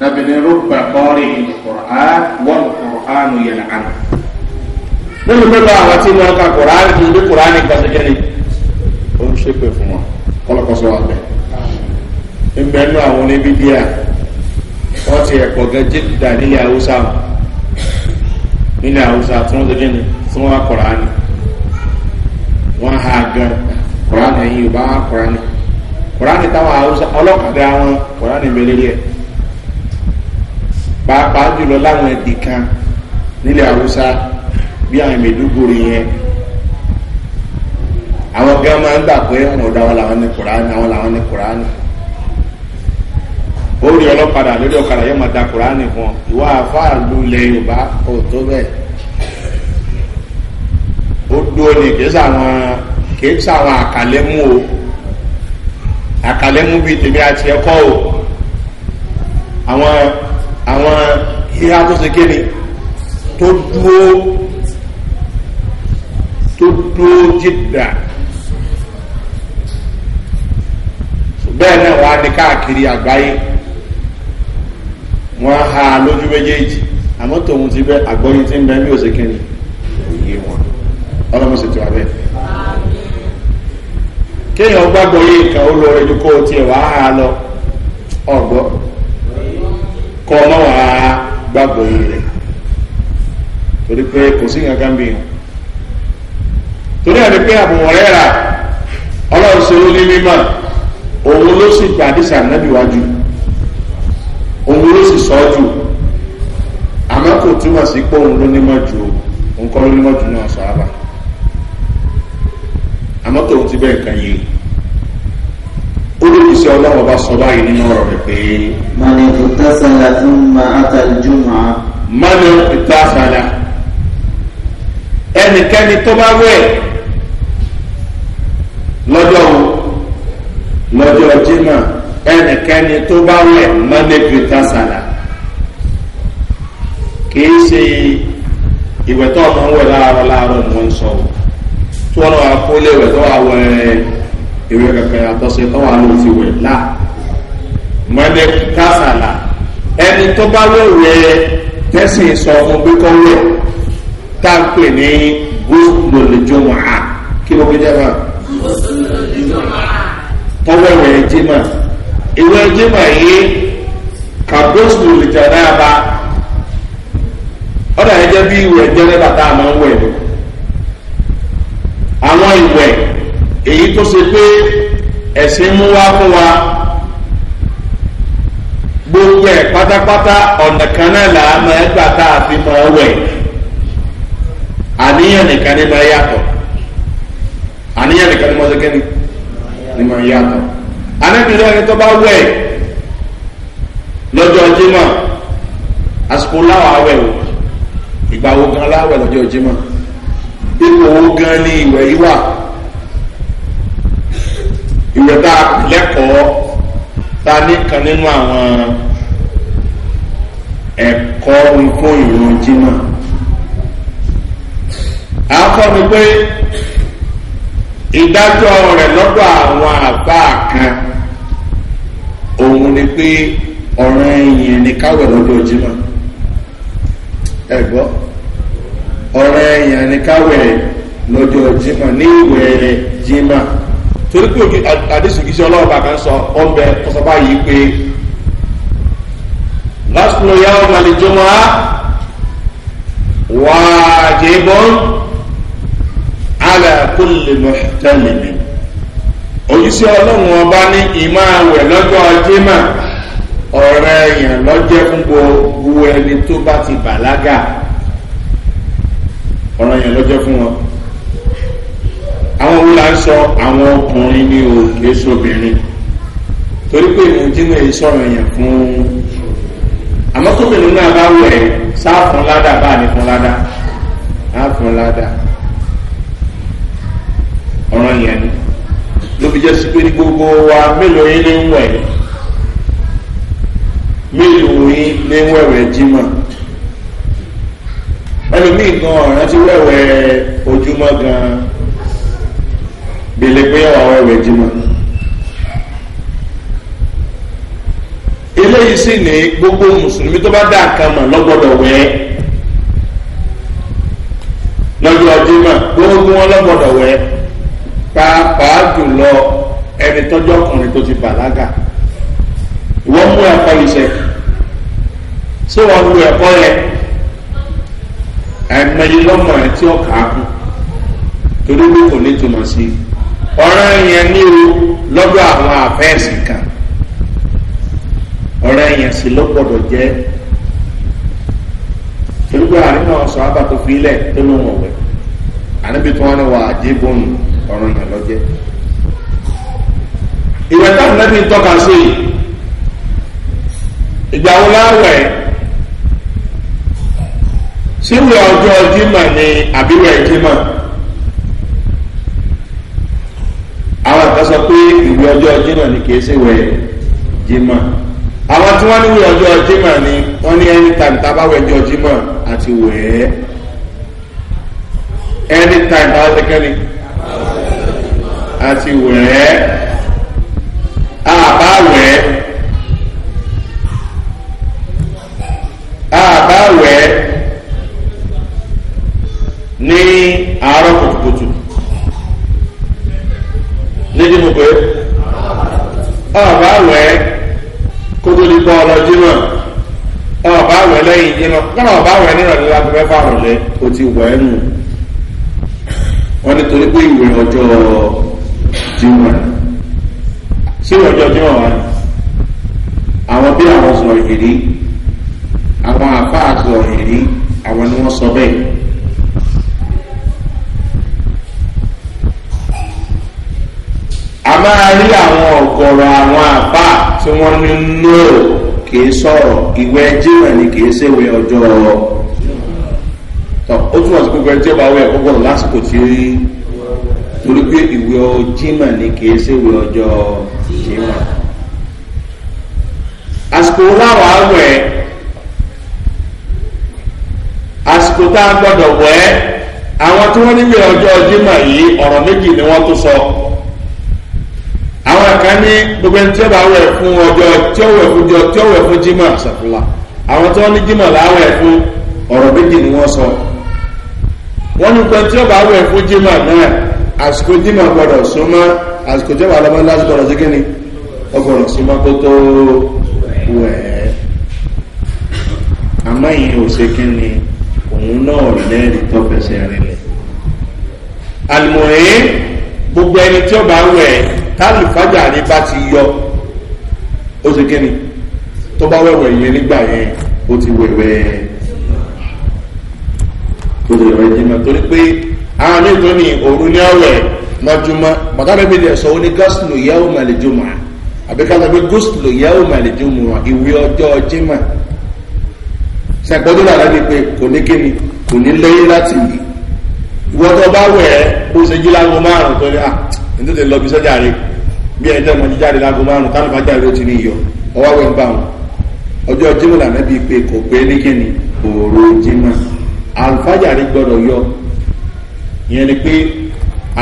nabini rúbà kọ́ọ̀rì ìkùrán wọ́n kùrán yẹn àn. nínú pẹ́pẹ́ àwọn tí wọ́n ka kùrán kì í bí kùrán ní gbàdúgbẹ́ ni ó ń ṣépè fún wọn kọ́lọ́kọ́sọ wà bẹ́ẹ̀. ìgbẹ́ nínú àwọn oníbí díà wọ́n ti ẹ̀kọ́ gẹ́ jíjìdá nílẹ̀ haúsá nílẹ̀ haúsá tí wọ́n ti gẹ́ ni tí wọ́n wá kùrán ni wọ́n ha gan kùrán ẹ̀yìn yorùbá kùrán ni kùrán ni táwọn haúsá ọlọ́kadà pàápàá jùlọ láwọn ẹbí kan nílẹ̀ haúsá bí àwọn mẹ̀dúgbòrò yẹn àwọn gan máa ń gbà pé àwọn ọ̀dọ́ àwọn làwọn ní kùránì àwọn làwọn ní kùránì ó rí ọlọ́padà lórí ọ̀kadà yóò máa da kùránì fún ìwà àfáà lulẹ̀ yorùbá kò tó bẹ́ẹ̀ ó dúró ní kìí sàwọn kìí sàwọn àkàlẹ́mú o àkàlẹ́mú bíi tèmi àti ẹ̀kọ́ o àwọn àwọn ìhà tó ṣe kéde tó dúró tó dúró jìdà bẹ́ẹ̀ náà wà ní káàkiri àgbáyé wọ́n ha lójú méjèèjì àmọ́ tòun ti bẹ́ àgbọ́yìn tí ń bẹ́ bí ó ṣe kéde òye wọn ọlọ́mọ sì ti wà bẹ́ẹ̀ kéèyàn gbàgbọ́ yìí kan ó lọ ẹ̀dùkọ́ tiẹ̀ wàá hà lọ ọ̀gbọ́n kọ́ ọ máa wà á gbàgbọ́ yìí rẹ̀ torí pé kò sí nǹkan kan bí yàn torí àti pé àbùwọ̀n rẹ̀ rà ọlọ́run ṣe ló ní mímọ́ òun ló sì gba àdìsí ànábìwájú òun ló sì sọ ọ́ jù àmọ́ kò túmọ̀ sí pé òun ló nímọ̀ jù òun kọ́ ló nímọ̀ jù náà sọ àbá àmọ́ tòun ti bẹ́ẹ̀ kan yìí ìṣẹ́ ọlọ́run bá sọ báyìí nínú ọ̀rọ̀ rẹ̀ pé. mani ìtàsàlà fún ma àtàlùjùmọ̀. mani ìtàsàlà ẹnikẹ́ni tó bá wẹ̀ lọ́jọ́ lọ́jọ́ jimá ẹnikẹ́ni tó bá wẹ̀ mani ìtàsàlà kìí ṣe ìwẹ̀ tó wẹ̀ láàárọ̀ láàárọ̀ ni ń sọ tó ọ̀rọ̀ àpólẹ̀ ìwẹ̀ tó wà wẹ̀ ewé kankan yàtọ̀ sí tọ́wọ́ àlọ́ ti wẹ̀ là mọ́lẹ̀ kásàlà ẹni tó bá wẹ̀wẹ̀ tẹ́sí sọ fún pé kọ́ wẹ̀ tá a pè ní gbólójúmọ́ à kí ló fi jẹ́ bá tọ́wọ́ wẹ̀ jimá ìwé jimá yìí kàgbóṣù lè jẹ́ náà bá ọ̀dà ẹ̀jẹ̀ bí ìwẹ̀ jẹ́ nígbà tá a máa ń wẹ̀ ni àwọn ìwẹ̀ èyí tó ṣe pé ẹ̀sìn mú wá fún wa gbogbo ẹ̀ pátápátá ọ̀nà kan náà là á máa gbà tá a fi máa wẹ̀ àníyàn nìkan ní máa yàtọ̀ àníyàn nìkan ní máa ṣe kẹ́ni ní máa yàtọ̀ anábìrin ẹni tó bá wẹ̀ lọ́jọ́ jimá àsìkò láwọn awẹ̀ wò ìgbà wo gan láwẹ̀ lọ́jọ́ jimá ipò wo gan ni ìwẹ̀ yìí wà. ìwọ tá lẹ́kọ̀ọ́ ta ní kan nínú àwọn ẹ̀kọ́ nǹkan ìròyìn jìnnà a kọ́ mi pé ìdájọ́ rẹ̀ lọ́dọ̀ àwọn àbá kan òun ni pé ọ̀ràn ẹ̀yìn ni káwẹ̀ lọ́dọ̀ ẹ̀yìn ni káwẹ̀ lọ́dọ̀ torí pé òkè àdéṣe kìí ṣe ọlọ́ọ̀bà kan sọ ọbẹ̀ ọ̀sọ̀bá yìí pé lásìkò yà ọmọ àlejò wa wàjẹ́bọ́n alákùnlé mọ̀tẹ́lẹ̀mí òjísé ọlọ́run ọba ní ìmọ̀ àwẹ̀ lọ́jọ́ jimá ọ̀rẹ́ èèyàn lọ́jẹ́ fún gbogbo ẹni tó bá ti bàlágà ọ̀rẹ́ èèyàn lọ́jẹ́ fún wọn àwọn wo la ń sọ àwọn ọkùnrin ní o kìí sóbìnrin torí pé ìrìn tí wọ́n sọ̀rọ̀ yẹn fún àmọ́ tóbìnrin náà bá wẹ̀ sáà fún ládàá bá ní fún ládàá á fún ládàá ọ̀ràn yẹn ni ló fi jẹ́ sí pé ní gbogbo wa mélòó yín ní ń wẹ̀ mélòó yín ní ń wẹ̀wẹ̀ jímọ̀ ẹlòmíì gan ọ̀ràn ti wẹ̀wẹ̀ ojúmọ́ gan délé pé àwọn ẹ̀wẹ̀ jìnnà. eléyìí sì ní gbogbo mùsùlùmí tó bá dá nǹkan mọ̀ lọ́gbọ́dọ̀ wẹ̀ lọ́jọ́ ọdínmọ̀ gbogbo wọn lọ́gbọ́dọ̀ wẹ̀ pàápàá jùlọ ẹni tọ́jú ọkùnrin tó ti bàlágà ìwọ́n mú ẹ̀kọ́ iṣẹ́ ṣé wọ́n lu ẹ̀kọ́ yẹn ẹ̀mẹ́yìn lọ́mọ ẹ̀ tí ọ̀kà á torí pé kò ní túmọ̀ sí i ọ̀ràn yẹn ní o lọ́dọ̀ àwọn àfẹ́ẹ̀sì kan ọ̀ràn yẹn sì ló gbọ́dọ̀ jẹ́ irúgbó àrínà ọ̀sán abàtò fílẹ̀ tó ló wọ̀ wẹ̀ àníbi tí wọ́n ní wà á dé bóun ọ̀ràn yẹn lọ́jẹ́ ìwé táwọn náà ní tọ́ka sí i ìgbà wo láwẹ̀ síwèé ọjọ́ jimá ni àbíwẹ̀ jimá. ìwé ọjọ́ jimá ni kì í ṣe wẹ̀ jimá àwọn tí wọ́n ní wẹ̀ ọjọ́ jimá ni wọ́n ní anytime tá a bá wẹ̀ ọjọ́ jimá àti wẹ̀ ẹ́ anytime tá a ṣe kẹ́ni àti wẹ̀ ẹ́ ah, pé ọba wẹ kó tó di gbọ́ ọ lọ ọba wẹ lẹ́yìn jímọ̀ kọ́nà ọba wẹ nírọ̀lẹ́ láti fẹ́ fáwọn lẹ kó ti wẹ̀ ẹ́ nù wọ́n torí pé ìwé ọjọ́ jímọ̀ sí ọjọ́ jímọ̀ wa àwọn bí àwọn sọ̀rọ̀ yìí àwọn àbá sọ̀rọ̀ yìí àwọn ni wọ́n sọ bẹ́ẹ̀. máa rí àwọn ọ̀gọ̀rọ̀ àwọn àbá tí wọ́n ní nù kìí sọ̀rọ̀ ìwé jìnnà ni kìí ṣèwé ọjọ́ ó túmọ̀ sí pé jẹ́ bá wẹ̀ púpọ̀ lásìkò tí ó rí torí pé ìwé jìnnà ni kìí ṣèwé ọjọ́ jìnnà àsìkò láwọn àwẹ̀ àsìkò tá a gbọ́dọ̀ wẹ̀ àwọn tí wọ́n níbi ọjọ́ jìnnà yìí ọ̀rọ̀ méjì ni wọ́n tó sọ. So kan ní gbogbo ẹni tí ó bá wẹ̀ fún ọjọ́ tí ó wẹ̀ fún jọ tí ó wẹ̀ fún jimá ṣàfùlà àwọn tí wọ́n ní jimá láwẹ̀ fún ọ̀rọ̀ méjì ni wọ́n sọ wọ́n ní gbogbo ẹni tí ó bá wẹ̀ fún jimá náà àsìkò jimá gbọ́dọ̀ súnmọ́ àsìkò jọba lọ́mọ láti gbọ́dọ̀ sí kíni ọgbọ̀rọ̀ súnmọ́ kó tó wẹ̀ ẹ́ àmọ́ ìyẹn ò ṣe kíni òun náà lẹ́rìí tó fẹsẹ̀ rinlẹ̀ àlùmọ̀ẹ́ gbogbo ẹni tí ó bá wẹ̀ táàlù fájàre bá ti yọ ó ṣe kíni tó bá wẹ̀wẹ̀ yẹn nígbà yẹn ó ti wẹ̀wẹ̀ tó ti wẹ̀wẹ̀ jìnnà torí pé àwọn ní ìtọ́ni òru ní ọ̀wẹ̀ mọ́júmọ́ mọ̀tàbẹ́bí lè sọ ó ní gọ́sùlù yẹ́wò màlẹ́jọ́mọ́ àbíkálà pé gọ́sùlù yẹ́wò màlẹ́jọ́mọ́ ìwé ọjọ́ jimá sẹ́gbọ́dún làlá ni pé kò ní kíni kò ní lẹ́yìn láti yìí ìwọ́tọ̀ bá wẹ̀ ẹ́ ṣe jí lágbo márùn-ún tó ní à ah, ní tó ti lọ bí sọ́jà rẹ̀ bí ẹjọ́ ọmọ jíjáde láago márùn táwọn fàájà ti ní ọwọ́ wẹ̀ ń bá wọn ọjọ́ jimá lànà pé kò pé ní òòrò jimá gbọdọ̀ yọ ìyẹn ni pé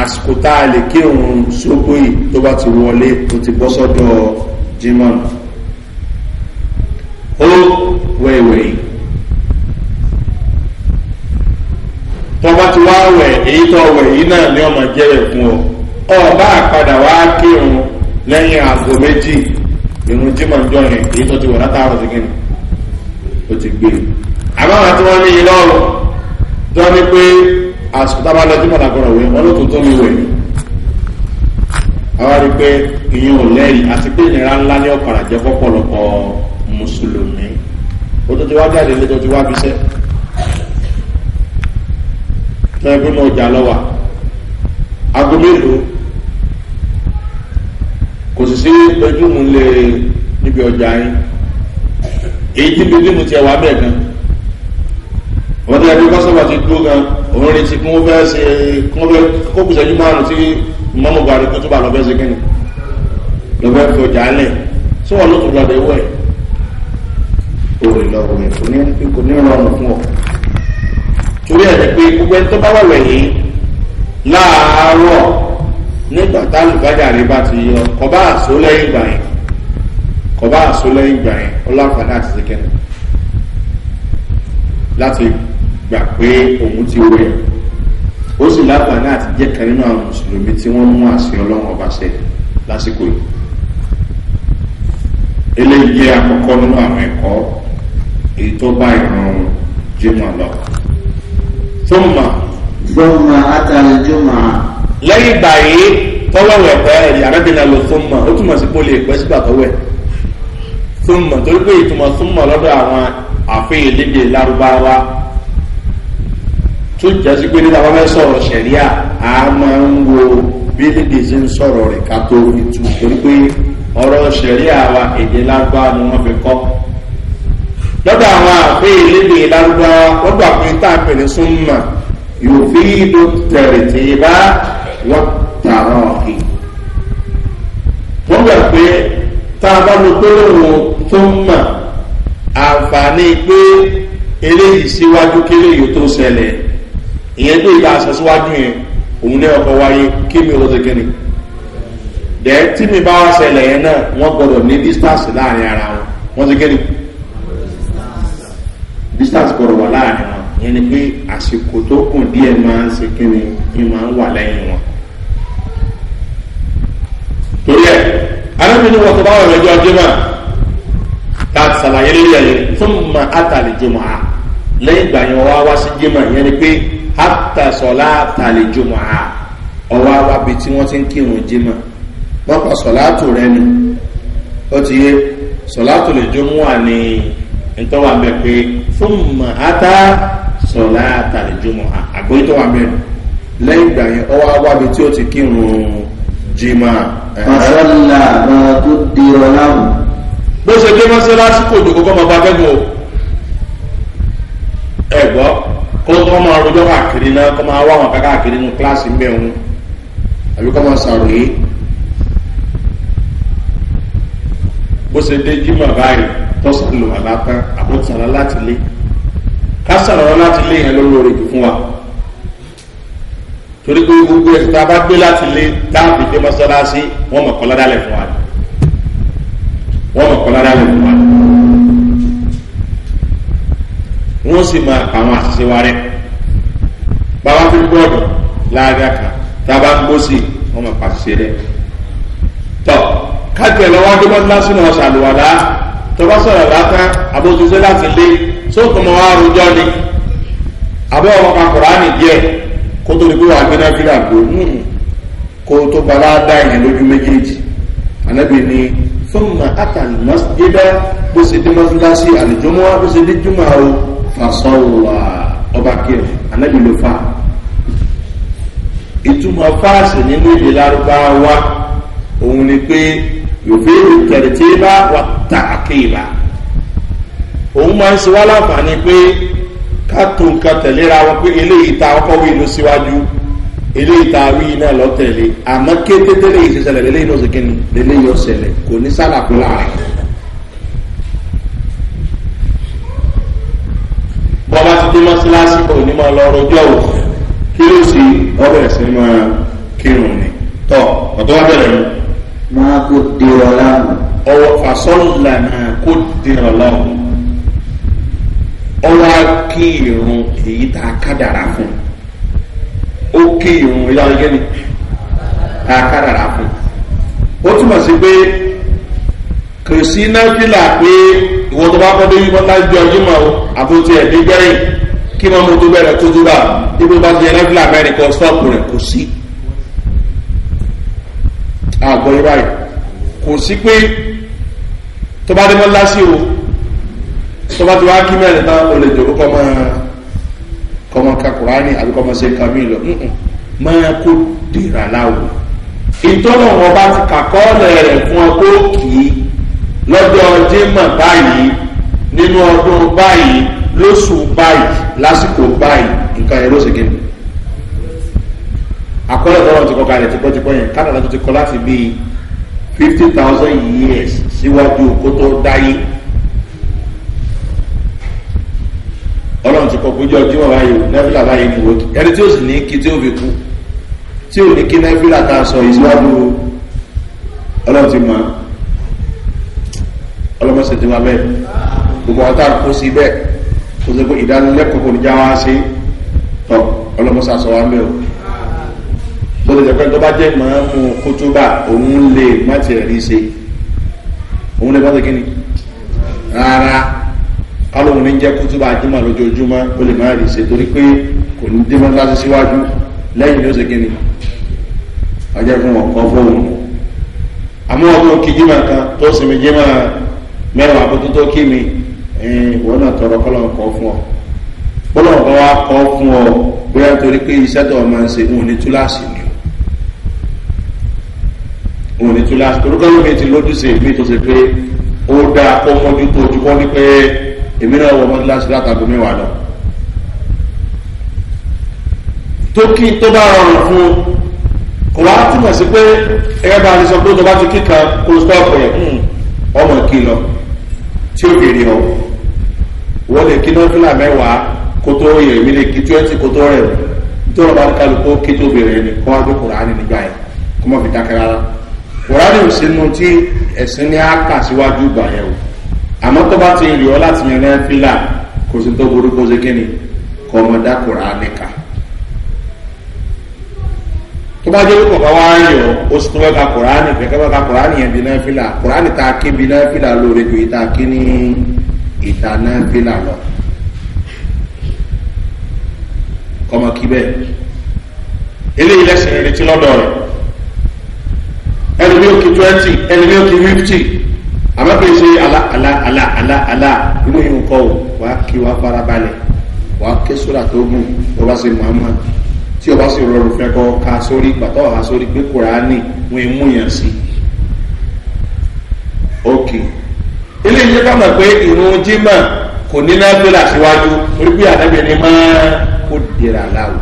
àsìkò tá a lè kí òun yìí tó bá ti wọlé tó ti bọ́ sọ́dọ̀ jimá ó wẹ̀wẹ̀ yìí ti wá wẹ̀ èyí tó wẹ̀ yìí náà ni ọmọ ọba àpadà wá kírun lẹ́yìn aago méjì irun tí mo ń jọ yẹn èyí tó ti wọ̀ ti gbé àbáwọn tí wọ́n ní iná ọ̀rọ̀ tí ní pé tá a bá lọ tí mo wẹ̀ wọ́n ló tó mi wẹ̀. rí pé ìyẹn ò lẹ́yìn àti pé ìnira ńlá ní jẹ́ mùsùlùmí ó tó ti wá jáde sì sí pẹjúmù lè níbi ọjà yín èyí tí pẹjúmù tiẹ̀ wà bẹ́ẹ̀ gan wọ́n tẹ́lẹ̀ bí kọ́sọ́bà ti dúró gan òun retí kí wọ́n fẹ́ ṣe kí wọ́n fẹ́ kó kùsẹ́jú márùn tí mọ́mọ́ buhari kó tó bá lọ fẹ́ ṣe kẹ́ni lọ fẹ́ fi ọjà lẹ̀ tí wọ́n ló tún lọ bẹ̀ wẹ̀ òwe lọ́wọ́ yẹn kò ní kò ní rọrùn fún ọ torí ẹ̀ ní pé gbogbo ẹni tó bá wẹ̀wẹ̀ yìí láàárọ̀ nígbà táwọn gbàjáre bá ti yọ kọba àṣọ lẹ́yìn ìgbà yẹn kọba àṣọ lẹ́yìn ìgbà yẹn ó láǹfààní àti ṣèkẹ́ni láti gbà pé òun ti wẹ̀ ó sì láǹfààní àti jẹ́ kan nínú àwọn mùsùlùmí tí wọ́n mú àṣẹ ọlọ́run ọba ṣe lásìkò yìí eléyìí jẹ́ àkọ́kọ́ nínú àwọn ẹ̀kọ́ èyí tó bá ìran jimoh lọ. tó mà. gbọ́n ma àtàlẹ́ jimoh lẹ́yìn ìgbà yìí tọ́wọ́wẹ̀ pẹ́ ẹ̀yà arábìnrin lọ súnmọ̀ ó túmọ̀ sí pé ó lè pẹ́ sígbà tọ́wẹ̀ súnmọ̀ torí pé ìtumọ̀ súnmọ̀ lọ́dọ̀ àwọn àfihàn lédè lárúbáwá tó jẹ́ sí pé nígbà wọn fẹ́ sọ̀rọ̀ sẹ̀ríà a máa ń wo bí lédè ṣe ń sọ̀rọ̀ rẹ̀ ká tó ìtú torí pé ọ̀rọ̀ sẹ̀ríà wa èdè lárúbáwá ni wọ́n fi kọ́ lọ́dọ̀ àwọn àfihàn lédè lárúbáwá lọ́dọ̀ àfihàn tá a ní súnmọ̀ yòófin ló tẹ̀rẹ̀ tì í bá wọ́n tààrà ọ̀hìn. wọ́n gbà pé tá a bá lo gbólóhùn tó ń mà àǹfààní pé eléyìí síwájú kí eléyìí tó ṣẹlẹ̀ ìyẹn tó ìta àṣà síwájú yẹn òun náà ọkọ̀ wáyé kí mi ò lọ́sẹ̀ kẹ́ni. dẹ̀ tí mi bá wá ṣẹlẹ̀ yẹn náà wọ́n gbọ́dọ̀ ní distance láàrin ara wọn wọ́n ti kẹ́ni. distance gbọ́dọ̀ wà láàrin wọn yẹn ni pé àsìkò tó kù díẹ̀ máa ń ṣe kí ni kí ń wà lẹ́yìn wọn torí ẹ arábìnrin wọn tó bá wọlé ọjọ́ jimá ta sàlàyé lórí ẹ yẹn fún ma àtàlẹ jimá lẹ́yìn ìgbà yẹn wá wá sí jimá yẹn ni pé àtàsọlá àtàlẹ jimá ọwọ́ àwa bi tí wọ́n ti ń kírun jimá wọ́n pa sọ̀láàtù rẹ nù ó ti yé sọ̀láàtù lè jó mú wa ní ntọ́wà bẹ̀ pé fún ma àtà sọ̀láàtà lè jó mọ́ àgbóyè tó wà bẹ̀ lẹ́yìn ìgbà yẹn ọwọ́ àwa bi tí ó ti kírun. Jima, ọ̀sọ́là máa tó di ọ̀làwù. bó ṣe dé mọ́ṣáláṣí kò dùn kókó máa bá kẹ́gùn o. ẹ gbọ́ kó kọ́ máa rojọ́ káàkiri náà kó máa wá wọn káàkiri nu kíláàsì mẹ́rin àbí kó máa ṣàròyé. bó ṣe dé jìmà báyìí tó sàlùwà látàn àbótìsàlà láti lé ká sàlùwà láti lé yẹn lórí orí fún wa torí pé gbogbo ẹ̀sìn tá a bá gbé láti lé táàbì dé mọ́sálásí wọ́n mọ̀ kọ́lá dálẹ̀ fún wa wọ́n mọ̀ kọ́lá dálẹ̀ fún wa wọ́n sì máa pa àwọn àṣìṣe wa rẹ̀ bàbá fi gbọ́dọ̀ láàrin àkà tá a bá ń gbósì wọ́n mọ̀ pàṣẹ rẹ̀ tọ́ káàkiri ẹ̀ lọ́wọ́ adébọ́n lásán náà ṣàlùwàlá tọ́ba sọ̀rọ̀ látàn àbójútó láti lé sókùnmọ́ wa rojọ́ ni àbẹ́ ọmọ kó tó lè pé wàá gbéná fílà gbó hmm. kó tó balá dá ìyẹn lójú méjèèjì ànábì ni fúnma àtàlù mọ́sídá bó ṣe dé mọ́síláṣí àlùjọ́mọ́ bó ṣe dé jùmọ̀ o fàṣọwà ọba kírun ànábì ló fà ìtumọ̀ fáàsì nínú ìdè lárúbáwá òun ni pé yòfèrè tẹ̀rẹ̀tẹ̀ bá wà tààkì bá òun máa ń ṣe wá láǹfààní pé ká tó nǹkan tẹ̀léra wọn pé eléyìí ta ọkọ̀ wí ló síwájú eléyìí ta wí náà lọ tẹ̀lé àmọ́ kété tẹ́lẹ̀ yìí ṣẹṣẹlẹ̀ lélẹ́yìn náà ṣèkínni lélẹ́yìn ọ̀ṣẹlẹ̀ kò ní sálàkú láàrin. bọ́lá ti dé mọ́síláṣí kò ní máa lọ rọjọ́ o kí ló sì ọbẹ̀ sí máa kírun ni tọ́ ọ̀tọ́ wá bẹ̀rẹ̀ mi. máa kó dèrò láàmú. ọwọ́ fàṣọ́ lànà kó dèrò láàmú ọwọ́ kí irun èyí tá a kádàrà fún ó kí irun ìyá ọjọ́ ni tá a kádàrà fún ó túmọ̀ sí pé kò sí náfìlà pé ìwọ tó bá kọ́dé yìí bọ́lá jọ jùmọ̀ o àbótí ẹ̀ dé gbẹ́yìn kí wọ́n mú tó bẹ̀rẹ̀ tó tó bá ibi bá ti yẹ náfìlà mẹ́rin kan stọ́ọ̀pù rẹ̀ kò sí àgọ́ ibà yìí kò sí pé tó bá dé mọ́lá sí tó bá ti wá kí mẹ́rin tán o lè jòkó kọ́mọ kọ́mọ kakurani àbí kọ́mọ ṣe kàmí lọ máa kó dèrà láwù ìtọ́nà wọn bá ti kàkọ́ọ̀lẹ̀ rẹ̀ fún ọ kó kì í lọ́jọ́ jimá báyìí nínú ọdún báyìí lóṣù báyìí lásìkò báyìí nǹkan yẹn ló ṣe kéde àkọọ́lẹ̀ tọ́lọ́ ti kọ́ kalẹ̀ tipọ́tipọ́ yẹn kánàdá tó ti kọ́ láti bíi fifty thousand years síwájú kó tó dáyé. ọlọ́run ti kọ́ pé jọ́ jíwọ̀ báyìí nẹ́fìlà báyìí ni wòkì ẹni tí ó sì ní kí tí ó fi kú tí ò ní kí nẹ́fìlà tá a sọ ìṣíwájú ọlọ́run ti mọ̀ ọlọ́mọṣẹ́ ti wá bẹ́ẹ̀ gbogbo ọ̀tá kó sí bẹ́ẹ̀ kó sọ pé ìdánilẹ́kọ̀ọ́ kò ní já wá sí tọ́ ọlọ́mọṣẹ́ àṣọ wa mẹ́ o bó ti jẹ́ pé tó bá jẹ́ mọ́ mu kótóbà òun lè má tiẹ̀ rí ṣe òun lè má kálóhun ní jẹ́ kútúbà àjímọ̀ lójoojúmọ́ ó lè máa rí ṣe torí pé kò ní dé mọ́tàlásí síwájú lẹ́yìn ló ṣe kí ni ọjọ́ fún wọn kọ́ àmọ́ ọdún jímọ̀ kan tó sinmi jímọ̀ mẹ́wàá àbótú tó kí mi náà tọrọ kọ́lọ́hún kọ́ fún ọ wá kọ́ fún ọ bóyá torí pé iṣẹ́ tó máa ń ṣe èmi náà wọ mọ́tíláṣí látàgọ́ mẹ́wàá lọ. tó kí tó bá rọrùn fún un wà á túmọ̀ sí pé ẹgbẹ́ bá a ti sọ pé tó bá ti kíkà kó stọ́ọ̀pù yẹn hmm. ọmọ kí lọ tí ó bèrè ọ wọ́n lè kí nọ́fìlà mẹ́wàá kó tó yẹ èmi lè kí twenty kó tó rẹ̀ nítorí bá kálukó kí tó bèrè ẹni kó wá gbé kùránì nígbà yẹn kó má fi dákẹ́ rárá kùránì ò sínú tí ẹ̀sìn ní á kà síwájú gbà yẹn o àmọ́ tó bá ti rí ọ láti yan náà fílà kò sí tó burú kó ṣe kíni kọ́ ọmọ dákùrà nìka tó bá jẹ́ pé kọ̀ọ̀kan wá rí ọ ó sì tó bá kùránì fẹ́ kọ́ bá kùránì yẹn bí náà fílà kùránì tá a ké bí náà fílà lóore ju ìta kí ní ìta náà fílà lọ kọ́mọ kí bẹ́ẹ̀ eléyìí lẹ́sìn retí lọ́dọ̀ rẹ̀ ẹni bí ó kí twenty ẹni bí ó kí fifty àmọ́ kì í ṣe àlá àlá àlá àlá àlá inú yìí ń o wàá kí wàá farabalẹ̀ wàá ké sóra tó gùn tó bá se muhammad tí o bá sì rọrùn fẹ́ kọ́ ka sórí gbàtọ́ ha sórí pé kùránì wọn mú yàn sí. ok ilé ìjẹ́ ká mọ̀ pé ìrún jimá kò ní náfìlà síwájú orí bí àdábìyẹn ni máa kó dèrà láwù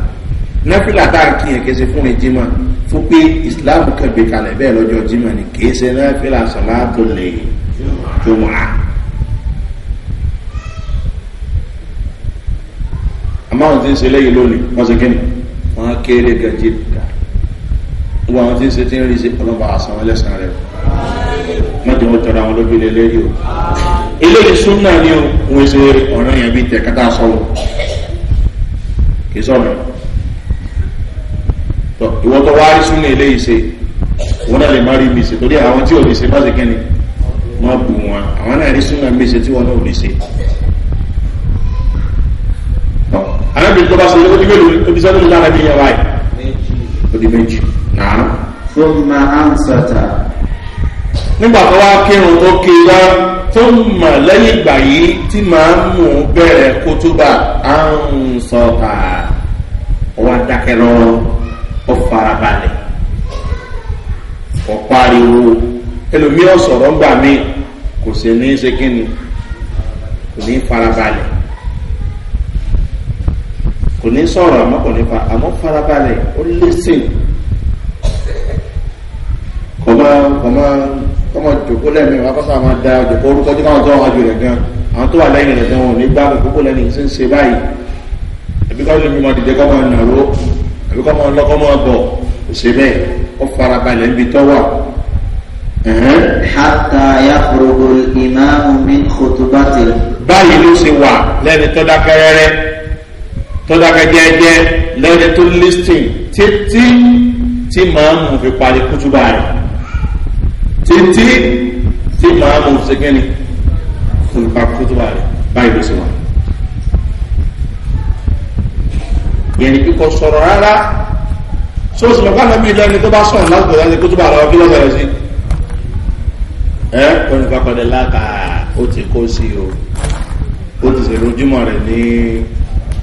náfìlà tá à ń kí yẹn kí ẹ ṣe fún ìjimá fún pé ìsìláàmù kẹ̀gbẹ́ kalẹ̀ bẹ́ẹ̀ lọ́jọ́ jimá ni kì í ṣe náfìlà sọ̀lá pé wọn á. àmọ́ àwọn tí ń ṣe lẹ́yìn lónìí wọ́n ṣe kí ni wọ́n á kéré gàjí dà gbogbo àwọn tí ń ṣe tí ń rí ṣe ọlọ́ba àṣà wọn lẹ́sàn-án rẹ̀ mọ́tò wọn tọrọ àwọn olóbi lé lẹ́yìn o. eléyìí súnmọ́ ni o ṣe ọ̀ràn yẹn bí tẹ̀ sọ̀rọ̀ kì í sọ̀rọ̀ ìwọ́n tó wá rí súnmọ́ eléyìí ṣe òun náà lè má rí mi ṣe torí àwọn tí ò lè ṣe má ṣe kí ni wọn bù wọn àwọn náà rí súnà méje tí wọn náà ò lè ṣe. arábìnrin tó bá sọ ojú mélòó ojú sọ́dún ní lára bí yẹn wáyé odi méjì náà. fún ma ansata. nígbà tó wá kírun tó ké wá tó mọ̀ lẹ́yìn ìgbà yìí tí màá mú bẹ̀rẹ̀ kótóbà ansata pariwo ẹlòmí ọ̀sọ̀rọ̀ gbà mí kò sì ní í ṣe kí ni kò ní í farabalẹ̀ kò ní sọ̀rọ̀ àmọ́ kò ní fa àmọ́ farabalẹ̀ ó lẹ́sìn kò máa kò máa kò máa jòkó lẹ́mìí wọn akọ́sọ́ àwọn da jòkó orúkọ tí káwọn tó wọn ju rẹ̀ gan àwọn tó wà lẹ́yìn rẹ̀ gan wọn ò ní gbá kókó lẹ́yìn tí ń ṣe báyìí ẹbí kọ́ ló fi máa dìde kọ́ máa nàró ẹbí kọ́ máa lọ́kọ́ máa bọ̀ ṣe bẹ́ẹ̀ ó farabalẹ̀ níbi tọ́wọ́ hatta yakhruju al-imamu min khutubatihi. báyìí ló ṣe wà lẹ́ni tó dákẹ́ rẹ́rẹ́ tó dákẹ́ jẹ́jẹ́ lẹ́ni tó lísìn títí tí màámu fi parí kútúbà rẹ̀ títí tí màámu fi ṣẹ́gẹ́ni fi parí kútúbà rẹ̀ báyìí ló ṣe wà. yẹnni kíkọ sọ̀rọ̀ rárá sọ́sìmọ̀ bá nàbí ìlú tó bá sọ̀rọ̀ lásìkò láti kútúbà rẹ̀ kí lọ́sọ̀rọ̀ sí i ẹ kọ́ni pápádé láta ó ti kó sí o ó ti ṣe lójúmọ́ rẹ̀ ní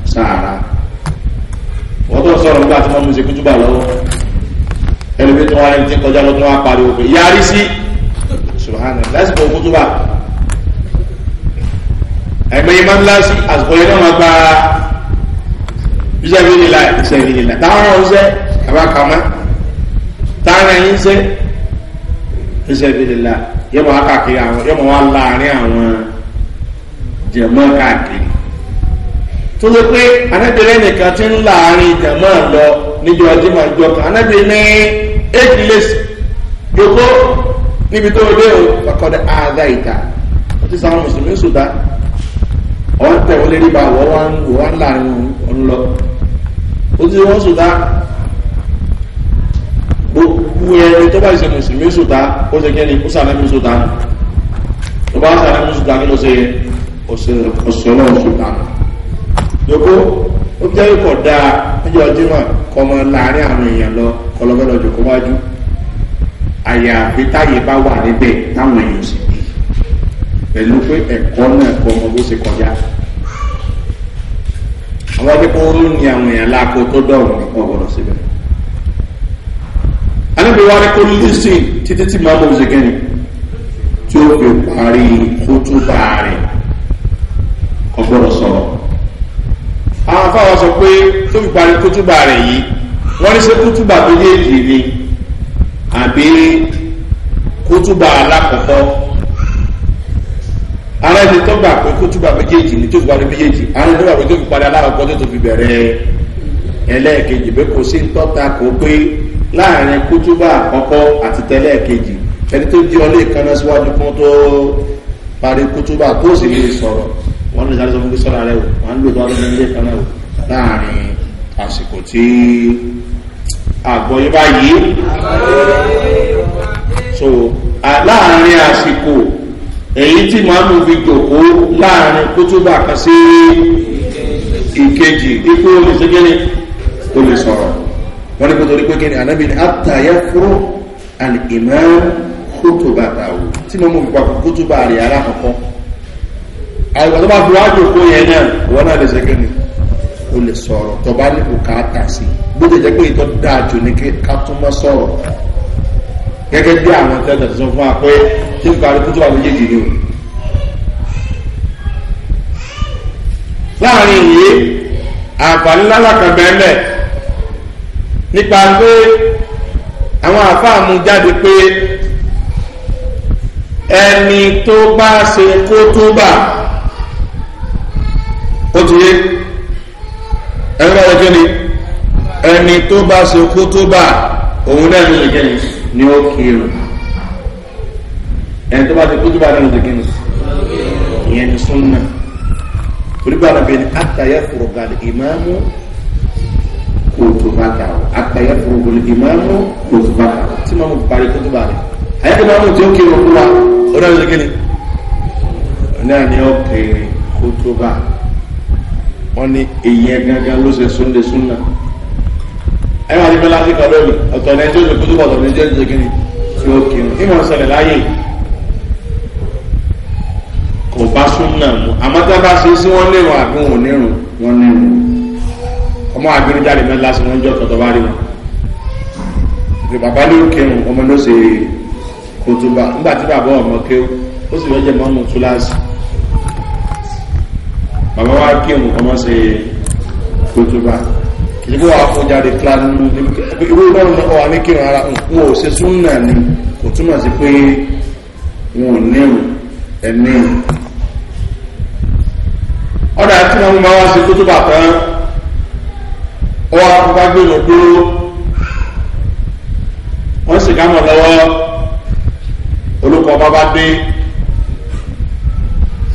sàárà wọ́n tó sọ̀rọ̀ nígbà tí wọ́n mú ṣe kútúbà lọ́wọ́ ẹlòmíì tó wá ní ti kọjá lọ́tún wá pariwo pé yarí sí subhana lásìkò kútúbà ẹgbẹ́ yìí máa ń lásì àsìkò yìí náà máa gba iṣẹ́ ìrìnlá iṣẹ́ ìrìnlá táwọn ọ̀ṣẹ́ kàbákàmá táwọn ẹ̀yìn ṣe iṣẹ́ ìrìnlá yọmọ wá káàkiri àwọn yọmọ wá láàrin àwọn jẹmọ káàkiri tó ṣe pé anábìrin nìkan ti ń láàrin jẹmọ lọ níjọ ọdún máa jọ kan anábìrin ní eight days gbogbo níbi tó dé o fakọdé àádá ìta ó ti sáwọn mùsùlùmí sùdá ọ̀hún tẹ̀wọ́n lérí bá wọ́n wá ń láàrin òun lọ ó ti wọ́n sùdá ikú ẹni tó bá ṣe mùsùlùmí sùtá ó ṣe kẹ́ni ó sàmẹ́mí sùtá tó bá sàmẹ́mí sùtá kí ló ṣe ọ̀sẹ̀ náà sùtá. yòókù ó jẹ́ ikọ̀ dáa níjọ́ jimá kọ́mọ láàrin àwọn èèyàn lọ kọlọ́gbọ́dọ̀ jòkó wájú àyàfi táyé bá wà níbẹ̀ táwọn èèyàn sì bí pẹ̀lú pé ẹ̀kọ́ náà kọ́ ọmọ bó ṣe kọjá àwọn akẹ́kọ̀ọ́ ló ní àwọn èèyàn láàkó tó dọ̀rùn ọ̀gbọ̀dọ̀ síbẹ̀ anábì wa rẹ kó lísìn títí tí màmú ṣe kẹ́ni tí ó fi parí kótó bá rẹ̀ ọgbọ́dọ̀ sọ̀rọ̀ àwọn afáwọn sọ pé tó fi parí kótó bá rẹ̀ yìí wọ́n ní ṣe kótó bá méjèèjì ni àbí kótóbà alákọ̀ọ́kọ́ ara ẹni tó gbà pé kótóbà méjèèjì ni tó fi parí méjèèjì ara ẹni tó tó fi parí alákọ̀ọ́kọ́ tó fi bẹ̀rẹ̀ ẹlẹ́ẹ̀kejì pé kò sí ń tọ́ta kó pé láàrin kútúbà àkọ́kọ́ àti tẹ́lẹ̀ kejì ẹni tó jí ọlé kan náà síwájú kan tó parí kútúbà tó sì lè sọ̀rọ̀ wọ́n lè dárísọ́ fún kí sọ́ra rẹ̀ wọ́n lè tọ́ ọdún ilé kan náà láàrin àsìkò tí àgbọ̀yé bá so láàrin àsìkò èyí tí màánù fi jòkó láàrin kútúbà kan sí ìkejì ipò olùsẹ́gẹ́ni olùsọ̀rọ̀ wọ́n ní kó torí pé kíni ànábì ní àtàyẹ fún àlìmọ́ kótóbà tàwọ̀ tí mo mú ìpa kótóbà rẹ̀ alákọ̀ọ́kọ́ àìgbà tó bá fi wájú òkú yẹn náà wọ́n náà lè ṣe kíni o lè sọ̀rọ̀ tó bá ní bùkátà sí bó ti jẹ́ pé ìtọ́ dáa jù ní ká tún mọ́ sọ̀rọ̀ gẹ́gẹ́ bí àwọn tẹ́lẹ̀ tó sọ fún wa pé tí n parí kótóbà méjèèjì ni o láàrin yìí àǹfààní lálàkàn bẹ́ẹ̀ nípa pé àwọn àfáà mú jáde pé ẹni tó bá ṣe kó tó bà ó ti yé ẹni bá wọ́n kí ni ẹni tó bá ṣe kó tó bà òun náà ló lè jẹ́ ni ó kírun ẹni tó bá ṣe kó tó bà ní ọ̀sẹ̀ kírun ìyẹn ni súnmọ́ onígbà náà bẹ́ẹ̀ ni àtàyẹ̀ fòrògàdì ìmáàmù kótóbákà àtàyẹ fúrugolo ìmáàmù kótóbákà tí màmú parí kótóbá rẹ àyẹ̀kẹ́ màmú tí ó kéré òkú wa ó náà lè kéde náà ni ó kéré kótóbá wọn ni èyí ẹ gángan ló ṣe súnlé súnlá ẹ máa ní bẹ́ẹ̀ láti kọ́ lónìí ọ̀tọ̀ ní ẹjọ́ ìṣe kótóbá ọ̀tọ̀ ní ẹjọ́ ìṣe kéde tí ó kéré ìmọ̀ sọ̀rọ̀ láyé kò bá súnlá mu àmọ́ tá a bá ṣe sí wọ́n lérò wọn ò ọmọ agbẹnujáde náà lásán wọn jọ tọtọ bá rí wọn pé bàbá ló kírun ọmọ ló ṣe kótóbá nígbà tí bàbá ọmọ kéwù ó sì fẹ́ jẹ mọ́mú túláàsì bàbá wa kírun ọmọ ṣe kótóbá ìdíbò wa fún jáde kíláàsì nínú ìwé ìbọn náà wà ní kírun ara n ò ṣe súnà ni kò túmọ̀ sí pé wọn ò nírun ẹ̀mí ọ̀dà tí wọn bá wá ṣe kótóbá kan wọ́n á kópa gbèrò dúró wọ́n sì ká mọ̀ lọ́wọ́ olùkọ́ bàbá dé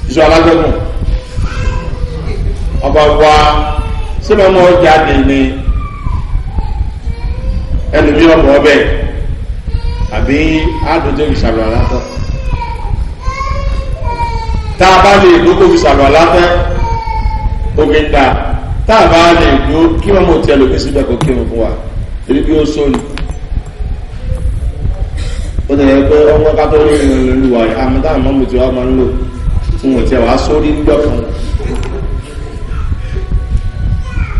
iṣu alágbẹ̀gùn ọba wa síbi ọmọ jáde ni ẹlòmí ọ̀pọ̀ ọbẹ̀ àbí àdójọ́ ìṣàlọ̀ alátọ́ tá a bá lè dókòwò ìṣàlọ̀ alátọ́ oge ń tá a bá lè dúró kí wọ́n mọ̀ tí ẹlòmíín síbẹ̀ kó kírun fún wa torí pé ó sóòlù ó tẹ̀lé pé ọmọ kátó ní ìrìn olúwa àmọ́ táwọn mọ́mù tí wọ́n máa ń lò fún wọn tí a wá sórí nígbà kan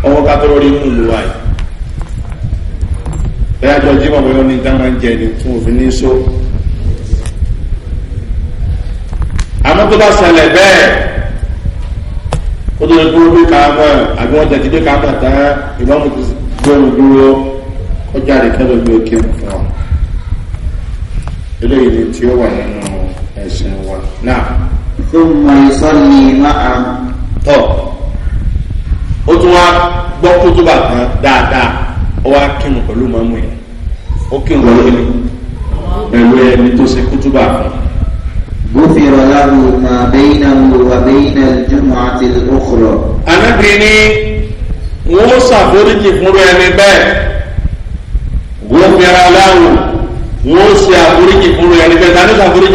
ọmọ kátó ní ìrìn olúwa yìí bẹ́ẹ̀ àjọ jímọ̀ bẹ́ẹ̀ ní ìjà máa ń jẹ ní fún òfin ní só àmọ́ tó bá ṣẹlẹ̀ bẹ́ẹ̀ ó tó lè dúró bí káàmà àbí wọn tẹ̀sí bí káàmà tán ìmọ̀mù ti gbóhùn dúró ó jáde kẹ́lẹ́ bí ó kéwù fún ọ eléyìí ni tí ó wà nínú ẹ̀sìn wa náà. fún mọ ìsọ́ni máa. tọ́ ó tún wá gbọ́ kótóbà kan dáadáa ó wá kírun pẹ̀lú mọ́mú yẹn ó kírun pẹ̀lú ẹni tó ṣe kótóbà kan. له ما بينه وبين الجمعة الأخرى أنا بني موسى فرج فرعني بيه غفر له موسى فرج فرعني بيه أنا سأفرج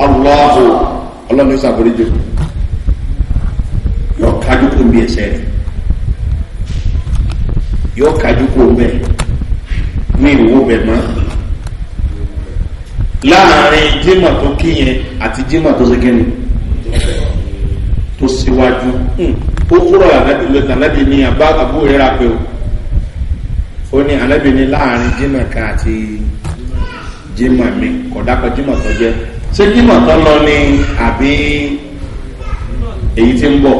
الله الله ليس فرج yóò kájú kó ń bí ẹsẹ̀ rẹ̀ yóò kájú kó ń bẹ̀ ní ìwò bẹ̀ máa láàrin jímọ̀ tó kí yẹn àti jímọ̀ tó ṣe kíni tó síwájú hmm. ó kúrò lọ́tà láti ní àbá àbú ìrẹ́ra pé o ó ní alábì ní láàrin jímọ̀ kan àti jímọ̀ mi kọ̀dákọ̀ jímọ̀ tó jẹ́ ṣé jímọ̀ tó lọ ní àbí èyí tí ń bọ̀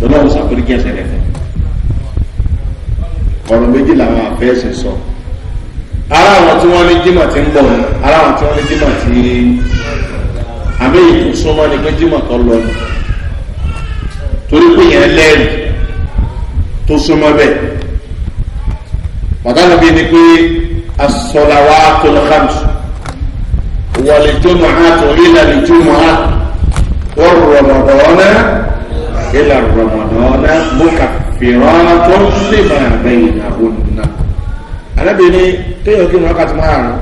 lọ́nà òsàkóríkì ẹ̀sẹ̀ rẹ̀ fún ọ̀rọ̀ méjì làwọn àfẹ́ ẹ̀sìn sọ. So ara àwọn tí wọ́n ní jimọ̀ ti ń bọ̀ ni ara àwọn tí wọ́n ní jimọ̀ ti àmì ètò súnmọ́ ni pé jimọ̀ kan lọ ni torí pé yẹn lẹ́rìí tó súnmọ́ bẹ́ẹ̀ pàtàkì bíi ni pé asọ̀làwà tó lọ́kàn wọlé jọmọ̀ á ìlànà ìjọmọ̀ á wọ́n rọ̀mọ̀dọ́nà ìlà rọ̀mọ̀dọ́nà mọ́kà fìràn tó lè máa bẹ́yìn àbọ̀nà. arábìnrin kéèyàn kí wọn kàtí márùn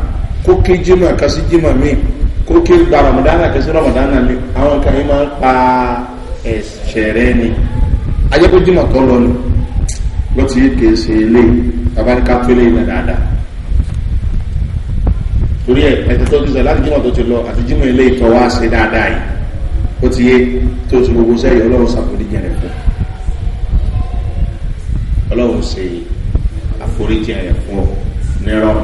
kó ké jimá kasi jimá mi kó ké gba ramadana kasi ramadana mi àwọn kan yìí máa ń pa ẹsẹ rẹ ni ajẹ́ kó jimá tọ́ lọ ni wọ́n ti yé kéésì ilé bàbá ní káfí lé ilẹ̀ dáadáa torí ẹ ẹsẹ̀ tó ti sọ láti jimá tó ti lọ àti jimá ilé ìtọ́ wá ṣe dáadáa yìí ó ti yé tó ti gbogbo sẹ́yìn ọlọ́run ṣàforíjì rẹ̀ fún ọlọ́run ṣe àforíjì rẹ̀ fún ọ nírọ̀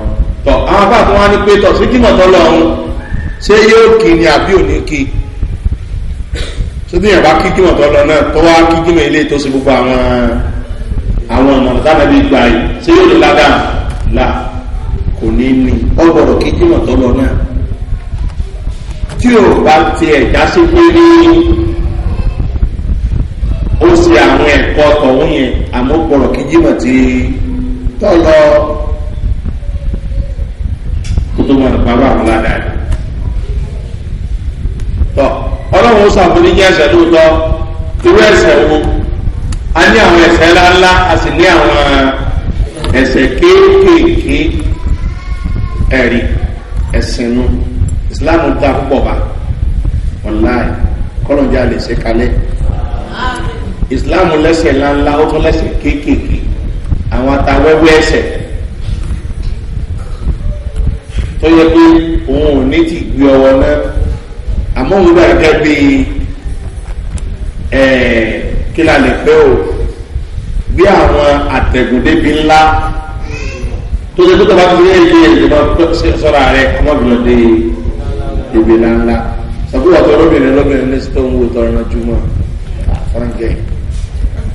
tọ àwọn afá tó wá ní pé tọ sí kímọ̀ tọ́ lọ́hún ṣé yóò kí ni àbí òní kí sódì yẹn bá kí kímọ̀ tọ́ lọ náà tó wá kí kímọ̀ ilé tó ṣe gbogbo àwọn àwọn ọ̀nà táwọn ẹbí gbà yìí ṣé yóò lè ládàá là kò ní ní ọ gbọdọ̀ kí kímọ̀ tọ́ náà tí o bá tiẹ̀ já sí pé ní ó ṣe àwọn ẹ̀kọ́ tọ̀hún yẹn àmọ́ gbọdọ̀ kí jímọ̀ tí tọ́ lọ bàbá àwọn ládàá rẹ̀. tọ́ ọlọ́run sàmúlí jẹ́ ẹ̀sẹ̀ lóòótọ́ irú ẹ̀sẹ̀ wo a ní àwọn ẹ̀sẹ̀ ńláńlá a sì ní àwọn ẹ̀sẹ̀ kéékèèké ẹ̀rí ẹ̀sìn nu ìsìláàmù dá púpọ̀ bá ọ̀láì kọ́lọ̀jà lè ṣe kalẹ̀ ìsìláàmù lẹ́sẹ̀ ńláńlá ó tún lẹ́sẹ̀ kéékèèké àwọn atawẹ́wẹ́ ẹ̀sẹ̀ tó yẹ pé òun ò ní ti gbé ọwọ́ náà àmọ́ òun dà gẹ́gẹ́ bí kí la lè pẹ́ o bí àwọn àtẹ̀gùndébi ńlá tó ṣe tó tọ́ba tó yẹ ilé ìjọba sọ́ra rẹ ọmọbìnrin dé ibi ńláńlá sàbúrò àti ọlọ́bìnrin lọ́bìnrin ní sítọ́ ń wo tọrọ náà jùmọ̀ àfọ́nkẹ́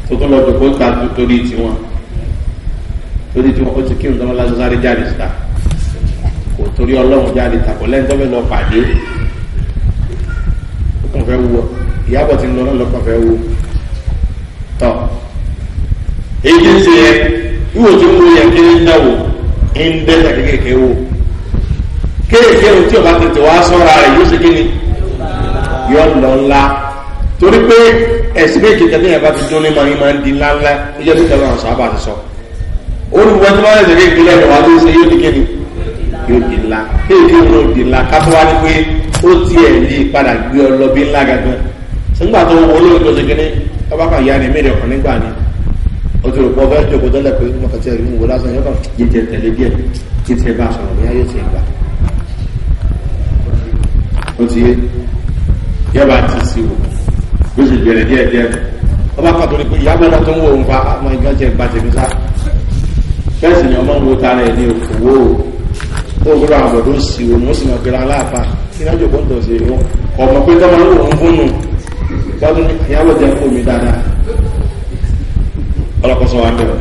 tó tún lọ́ọ́ dòkó gbà torí tiwọn torí tiwọn ó ti kí n tọ́lá sáré jáde síta kò torí ọlọ́run jáde tàbọ̀ lẹ́yìn tó fẹ́ lọ pàdé ó kàn fẹ́ wọ ìyàbọ̀ ti ń lọ lọ́lọ́ kàn fẹ́ wọ tọ́ èyí ti ṣe yẹ wíwò tó mú yẹ kí ń dáwò ń dẹ́ tàbí kéèké wò kéèké ohun tí ọba tètè wá sọ́ra rẹ̀ yóò ṣe kí ni yọ lọ ńlá torí pé ẹ̀sìn méjì tẹ́lẹ̀ yẹn bá fi dún ní mọ̀ ní máa ń di ńláńlá níjọ́ tó tẹ̀lé àwọn sábà ti sọ olùwọ́n tó bá yẹ yóò di ńlá èyí yóò di ńlá kátó wá ní pé ó tiẹ̀ lè padà gbé ọ lọ bí ńlá gangan nígbà tó wọ olóyè tó ṣe kíní kábàkà ya ni mẹ́rin ọkàn nígbà ni o ti rò pé ọfẹ́ jòkó tẹ́lẹ̀ pé mo kàn ti rí wò lásán yóò kàn jẹjẹ tẹ̀lé díẹ̀ kí tiẹ̀ bá sọ̀rọ̀ bí ayé tiẹ̀ gbà ó ti yé yọba ti sí wò ó sì bẹ̀rẹ̀ díẹ̀ díẹ̀ ọba kan tó ní pé ìyábọ̀ náà tó ń wò ń fa àmọ́ ìgbà jẹ́ gbà tèmi sá bẹ́ẹ̀ ni ọmọ wo tara ẹ̀ ní òfòwò ó gbọ́dọ̀ àwọn ọ̀dọ́ sí òun ó sì mọ̀ gbéra aláàpá kí lájò kó ń tọ̀ sí wọn ọmọ pé tọ́mọ ló wọ́n fún nù gbádùn ní ìyàwó jẹ́ kó mi dáadáa ọlọ́kọ̀sọ wa bẹ̀rẹ̀.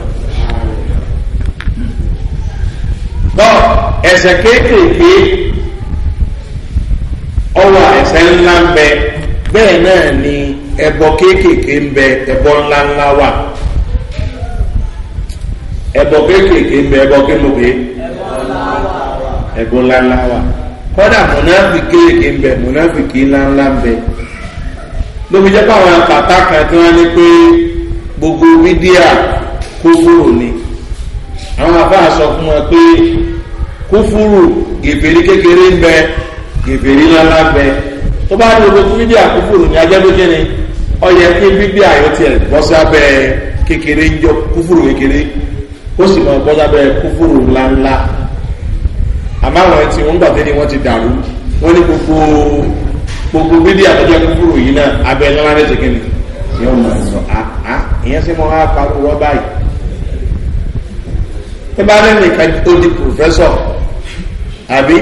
bọ́ ẹsẹ̀ kéékèèké ọwọ́ ẹsẹ̀ ńlá ń bẹ bẹ́ẹ̀ náà ni ẹbọ kéékèèké ń bẹ ẹbọ ńláńlá wà ẹbọ kéékèèké ń bẹ ẹbọ kéékèèké. ẹ̀bùn ńláńlá wa kọ́dà mọ̀nàfì kéèké ń bẹ mọ̀nàfì kì mbe ńláńlá ń bẹ lómi jẹ́ pàwọn tí gbogbo mídíà kófúrò ni àwọn sọ fún wọn pé kófúrò gèbèrè kékeré ń bẹ gèbèrè ńláńlá ń bẹ tó bá dúró gbogbo mídíà kófúrò ni ajẹ́bójẹ́ ni ọ yẹ kí tiẹ̀ bọ́ sábẹ́ kékeré ń jọ kékeré ó sì bọ́ àmọ́ àwọn tí wọ́n gbàgbé ni wọ́n ti dàrú wọ́n ní gbogbo gbogbo bíbí àtọ́jọ́ kúkúrú yìí náà abẹ́ ńlá rẹ̀ ṣe kíni yóò mọ̀ ẹ̀ a àá ìyẹn sì mọ́ á parọ́ wọ́ báyìí. ẹ bá rẹ̀ nìkan ó di pòfẹ́sọ̀ àbí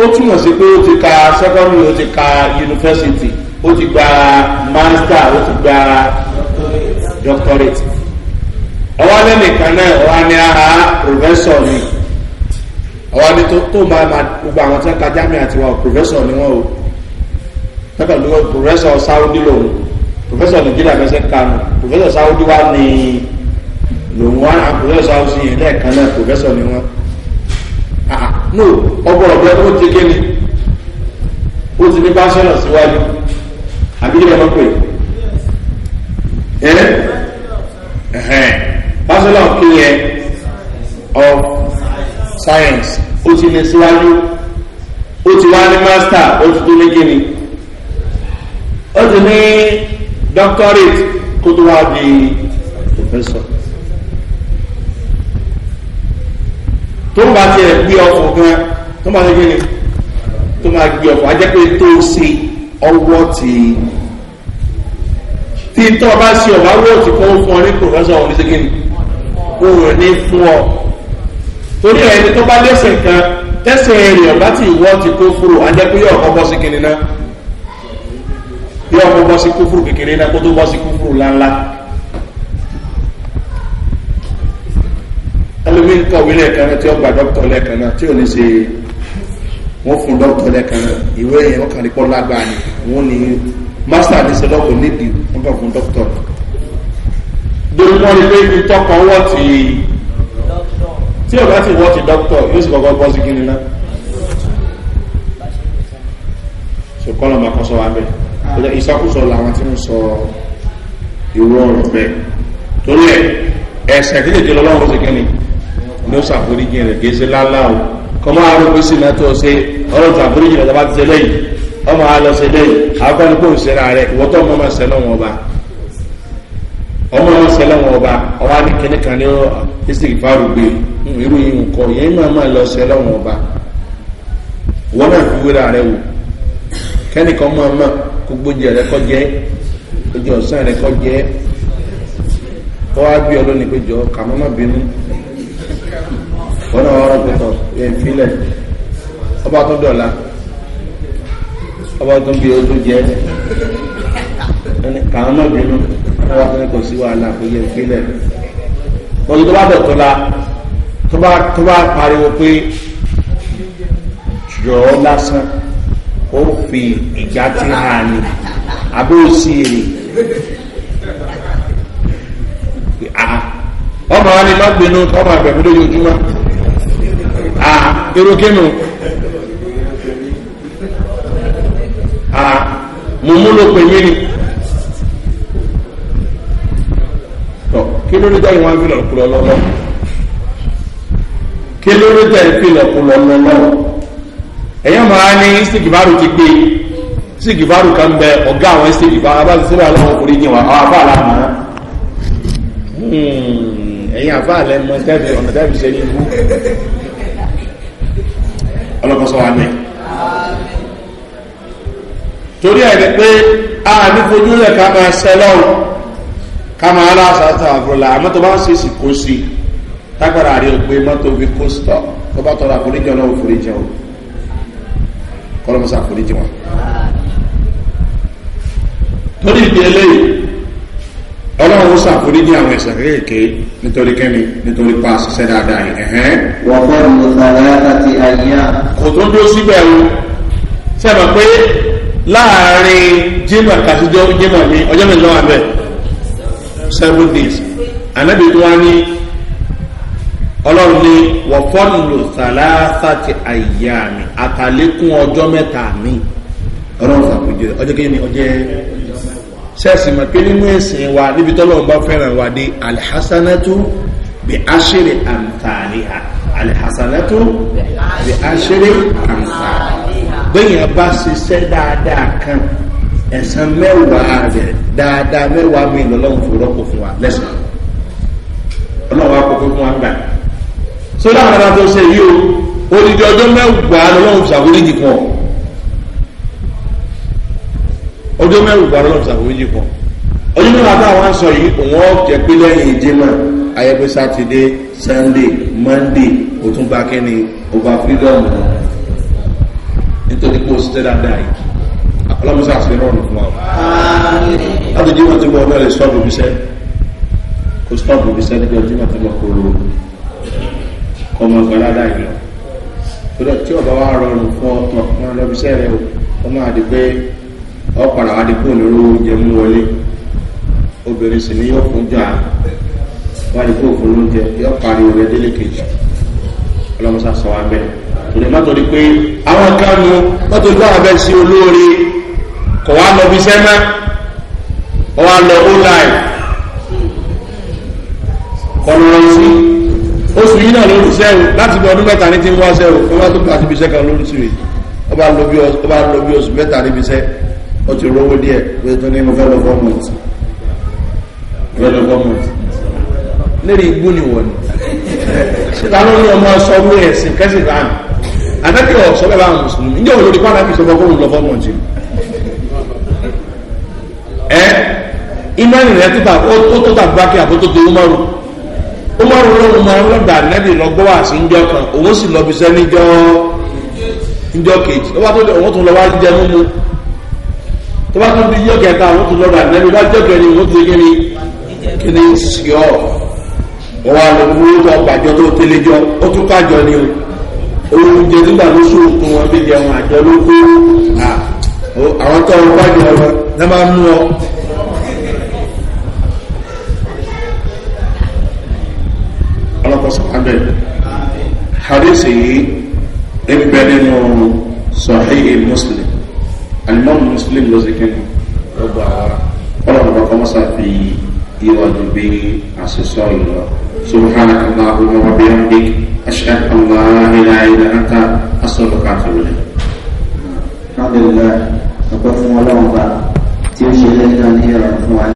ó túmọ̀ sí pé ó ti ka sẹ́kọ́ndì ó ti ka yunifásitì ó ti gba mástà ó ti gba dọ́kítọ́rẹ̀tì ọwọ́ lẹ́nìkan náà wà ní ara ah, ah, pòfẹ́sọ̀ mi àwọn ni tó máa ma gbogbo àwọn tí wọ́n ta jamiu àti wọn professor ni wọ́n o tẹ́kọ̀ ló wọ́n professor saudi lòun professor nigeria fẹsẹ̀ kanu professor saudi wa ni lòun wa and professor saudi yẹn lẹ́ẹ̀kan náà professor ni wọ́n ah no ọgbọ́n ọ̀gbẹ́ ó ti gé ni ó ti ní bachelor síwájú àbí kí lè mọ̀ pé ẹ bachelor kí yẹn of science ó ti ní síwájú ó ti wá ní master ó ti tó ní kíni ó ti ní doctorate kó tó wá di professor. tó ń bá tiẹ̀ gbé ọkọ̀ gan tó máa gbé ni tó máa gbé ọkọ̀ ajẹ́ pé tó ṣe ọwọ́ ti tí tó o bá ṣe wọ́ọ̀tì kó o fún ní professor ọ̀hún ní sẹ́kìnì kó o ní fún ọ torí ẹni tó bá lẹ́sẹ̀ kan tẹ́sẹ̀ rẹ̀ ọ̀bá tí ìwọ́ ti kó fúru ajẹ́ pé yọ̀ ọ̀kọ́ bọ́ sí kinní náà yọ̀ ọ̀kọ́ bọ́ sí kúfúrú kékeré náà kó tó bọ́ sí kúfúrú láńlá. ẹlòmíì ń kọ̀wé lẹ́ẹ̀kan náà tí ó gba dókítà lẹ́ẹ̀kan náà tí ò ní ṣe wọ́n fún dókítà lẹ́ẹ̀kan náà ìwé yẹn wọ́n kàn ní pọ́ lágbàá ni wọ́n ní mástà ní sọ́dọ̀kọ̀ nídìí wọ́n kàn fún dókítà. dókítà ni pé ìtọ́kọ̀ wọ́n ti tí o bá ti wọ́ ti dọ́kítọ̀ yóò sì kọ́kọ́ bọ́ sí kíni náà so kọ́lọ̀ máa kọ́ sọ wa bẹ́ẹ̀ ìsọkúsọ làwọn tí ń sọ ìwọ ọ̀rọ̀ bẹ́ẹ̀ torí ẹ̀ ẹ̀sẹ̀ tí lè jẹ́ lọ́wọ́ sí kíni ní ó sàforíjì rẹ̀ kì í o kọ́ máa rú pé sí náà tó ṣe ọ̀rọ̀ sàforíjì rẹ̀ tó bá ti ṣe lẹ́yìn ọmọ àlọ́ ṣe lẹ́yìn àwọn kọ́ni kò ń ṣe ra rẹ̀ ìwọ́tọ̀ ọmọ máa ṣe ọmọ ọmọ sẹlẹ wọn ọba ọwọ anìkẹni kan ní istikfaru gbé irú yìí nǹkan yẹn máa máa lọ sẹlẹ wọn ọba wọn náà fi wéra rẹ wò kẹ́nìkan máa máa kó gbóúnjẹ rẹ kọ́ jẹ́ ojú ọ̀sán rẹ kọ́ jẹ́ kọ́ wá bí ọlọ́ni pé jọ kà má má bínú wọn náà wọ́n rọ̀ pẹ̀tọ̀ yẹn fílẹ̀ ọba tó dọ̀la ọba tó bí ojú jẹ́ kà má má bínú táwa fẹ́ kò sí wàhálà kò yẹ ìpínlẹ̀ lọ́dún tó bá bẹ̀ tó la tó bá tó bá pariwo pé jọ̀ọ́ lásán ó fi ìjà ti hàn ní abẹ́ òsì èrè ọmọ wa ni lọ́gbìnú ọmọ àgbẹ̀mú lójoojúmọ́ irúkínu mùmú ló pè mí ni. ló ló jẹ́ ìwọ̀n fìlọ̀ kú lọ́lọ́lọ́ kí ló ló jẹ́ ìfìlọ̀ kú lọ́lọ́lọ́ ẹ̀yọ́ máa ní sígìbárù ti pé sígìbárù kan bẹ ọ̀gá àwọn sígìbárù abájú sílẹ̀ aláwọ̀ orí yìí wà àwọn afáàlà mọ̀ hmm, ọ́ ẹ̀yìn afáàlẹ̀ mọ̀ tẹ́bi ọ̀nà tẹ́bi ṣe ní ibú ọlọ́kọ̀ọ́sọ wa ní torí ẹ̀ pé a ní fojú rẹ̀ ká máa ṣẹlọ́run káma aláṣà àtàwàfúrọ̀lá àmọ́ tó bá ń ṣèṣì kó sí tágbára rí o pé mọ́tò fi kó sítọ̀ tó bá tọrọ àforíjì ọlọ́wọ́ foríjì o kọ́lọ́mọ́sá o wọn. torí ìdí eléyìí ọlọ́run ṣàforíjì àwọn ẹ̀sẹ̀ kéèké nítorí kẹ́mi nítorí pa ṣiṣẹ́ dáadáa yìí. wọ́n fọ́ ìmọ̀tàlá àti àyíyá. kò tó dúró síbẹ̀ o sẹ́mi pé láàrin jimá kàtijọ́ jimá mi ọjọ́ mi lọ́wọ́ bẹ́ẹ̀ seven days anabi tó wá ní ọlọ́run ní wọ́pọ́nlò sàlásàtì àyàmì àtàlékún ọjọ́ mẹ́ta mi ọlọ́run fàkùjẹ ọjọ́ kejì ní ọjọ́ sẹ́ẹ̀sì mọ̀ pé nínú ẹ̀sìn wa níbi tọ́lọ́run bá fẹ́ràn wa dé alihasanatu bi aṣèrè àǹtàríhà alihasanatu bi aṣèrè àǹtàríhà bẹ́ẹ̀ yẹn bá ṣiṣẹ́ dáadáa kan ẹ̀sán mẹ́wàá rẹ̀ dáadáa mẹ́wàá mi lọ́lọ́run fò rọ́pò fún wa lẹ́sàn ọlọ́run wa kọ́kọ́ fún wa gbà so láwọn ará tó ṣe yìí o odidi ọjọ́ mẹ́wàá lọ́lọ́run ṣàforíjì kan ọjọ́ mẹ́wàá lọ́lọ́run ṣàforíjì kan ọjọ́ mẹ́wàá táwọn á sọ yìí òun ọ̀jẹ̀ pé lẹ́yìn ìjẹ́mà ayẹpẹ́ sátidé sunday monday òtúnba kẹ́ni over freedom nítorí pé o ṣiṣẹ́ dáadáa yìí alámúsá àti rọrùn fún wa láti jíma tí bọ́ ọ̀dọ́ lè stọ́ọ̀bù bíṣẹ́ kò stọ́ọ̀bù bíṣẹ́ níbi ọjíma tí bọ́ kóró ọmọ gbalada yìí lọ tọ́lá tí ọba wa rọrùn fún ọkọ̀ wọn lọ bíṣẹ́ rẹ o ọmọ àdì pé ọ̀pàdà wa di kó lóró oúnjẹ mú wọlé obìnrin sì ni yóò fún jà wá di kó fún oúnjẹ yóò pariwo rẹ délé kejì ọlọ́mọsá sọ wa bẹ́ẹ̀ ìdè mọ́tò ni pé àwọn kánú mọ́tò gbọ́ àbẹ́ sí olóore kò wá lọ bí sẹ́mẹ́ ó wá lọ ó láì kọlu lọ sí oṣù yìí náà lórí sẹ́wò láti bí ọdún mẹ́ta ní ti ń wá o ó bá tó gbà síbi iṣẹ́ kan lórí sí rèé ó bá lọ bí oṣù mẹ́ta níbi iṣẹ́ ó ti rówó díẹ̀ pé tó ní mo fẹ́ lọ gọ́ọ̀mọ̀tì fẹ́ lọ gọ́ọ̀mọ̀tì lérí igbó ni wọ̀ ni ṣètà ló ní ọmọ sọ wí ẹ̀sìn kẹ́sì báyìí àtẹ́kẹ́ ọ̀sọ́ bẹ́ẹ̀ bá àwọn mùsùlùmí níjẹ́ òun lórí pàtàkì ìṣọ́gbọ́n kó ń lọ gọ́ọ̀mọ̀tì ìmọ̀nì rẹ̀ tó tà bákì àbótó tó umaru umaru lóhun máa ń lọ́dà nẹ́bì lọ́gbọ́ wà sí njọ́ kan òun sì lọ bisẹ́ níjọ́ njọ́ kejì ó bá tó òun tún lọ wá jẹ mímu tó bá tó di yọ kẹta òun tún lọ́dà nẹ́bì bá jọ kẹni òun tún kíni kíni sìọ́ wọ́n wá lọ fún orúkọ gbàjọ tó tẹ́lẹ̀jọ́ ó tún kájọ ni o oúnjẹ nígbà ló sùn fún wọn bí jẹun àjọ ló kó àwọn tó ń wájú ọ. abẹ́ hadith yìí ń bẹ nínú sọ̀hí muslim alimọ́mù muslim ló ṣe kẹ́kọ̀ọ́ ló gba ọlọ́run bá kọ́mọ́ sáfì yíwá ní bí àṣìṣọ́ ìlọ subhanahu wa ta'ala wa bihamdik ashhadu an la ilaha illa anta astaghfiruka wa atubu ilayk alhamdulillah ọpẹ́ fún ọlọ́run bá tí ó ṣe lẹ́yìn náà ní ẹ̀rọ fún wa